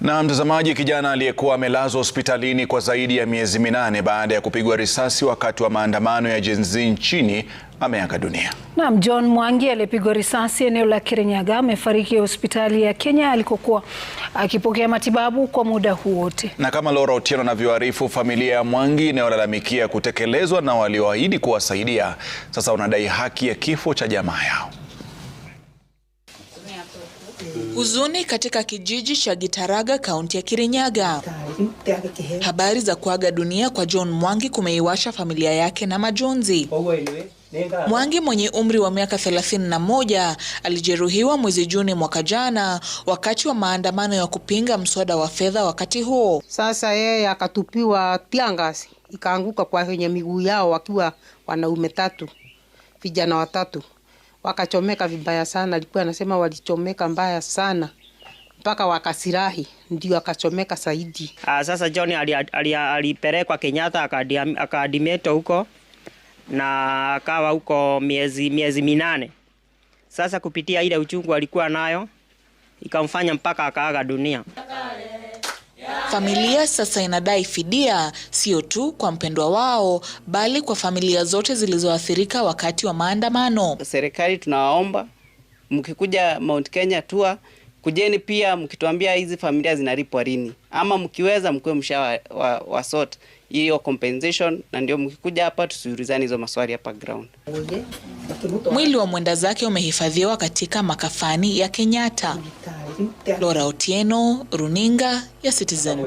Na mtazamaji, kijana aliyekuwa amelazwa hospitalini kwa zaidi ya miezi minane baada ya kupigwa risasi wakati wa maandamano ya Gen Z nchini ameaga dunia. Naam, John Mwangi aliyepigwa risasi eneo la Kirinyaga amefariki hospitali ya Kenya alikokuwa akipokea matibabu kwa muda huu wote. Na kama Laura Otieno anavyoarifu, familia ya Mwangi inayolalamikia kutekelezwa na walioahidi kuwasaidia sasa wanadai haki ya kifo cha jamaa yao. Huzuni katika kijiji cha Gitaraga kaunti ya Kirinyaga. Habari za kuaga dunia kwa John Mwangi kumeiwasha familia yake na majonzi. Mwangi mwenye umri wa miaka 31 alijeruhiwa mwezi Juni mwaka jana wakati wa maandamano ya kupinga mswada wa fedha wakati huo. Sasa yeye akatupiwa tiangasi ikaanguka kwa wenye miguu yao wakiwa wanaume tatu, vijana watatu wakachomeka vibaya sana. Alikuwa anasema walichomeka mbaya sana mpaka wakasirahi ndio akachomeka zaidi. Ah, sasa John alipelekwa Kenyatta akadimeto huko na akawa huko miezi, miezi minane. Sasa kupitia ile uchungu alikuwa nayo ikamfanya mpaka akaaga dunia. Familia sasa inadai fidia sio tu kwa mpendwa wao bali kwa familia zote zilizoathirika wakati wa maandamano. Serikali tunawaomba, mkikuja Mount Kenya tua kujeni pia mkituambia hizi familia zinalipwa lini, ama mkiweza mkuwe msha wa, wa, wa hiyo compensation, na ndio mkikuja hapa tusiulizane hizo maswali hapa ground. Mwili wa mwenda zake umehifadhiwa katika makafani ya Kenyatta lora Otieno, Runinga ya Citizen.